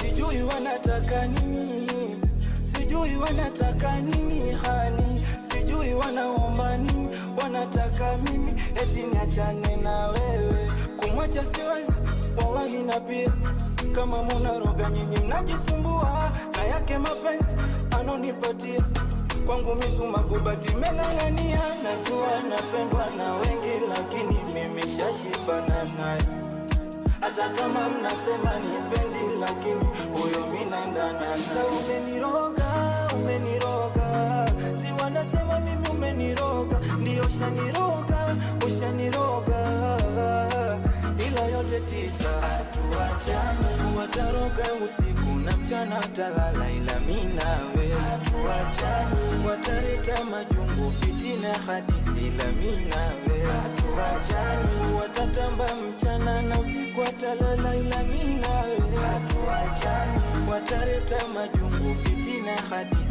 Sijui wanataka nini, sijui wanataka nini hani, sijui wanaomba nini, wanataka mimi eti niachane na wewe, kumwacha siwezi wallahi, na pia kama munaroga nyinyi mnajisumbua na yake mapenzi anonipatia kwangu misuma kubati melangania, najua napendwa na wengi, lakini mimi shashibana naye, hata kama mnasema nipende lakini huyo minaenda na umeniroga, umeniroga, si wanasema mimi umeniroga, ndio ushaniroga, ushaniroga, ila yote tisa hatuachani, wataroga usiku na mchana, talala ila minawe hatuachani, watareta majungu, fitina, hadisi ila minawe hatuachani, watatamba mchana na usiku, atalala ila minawe قتلت مجنون فتنة خديعة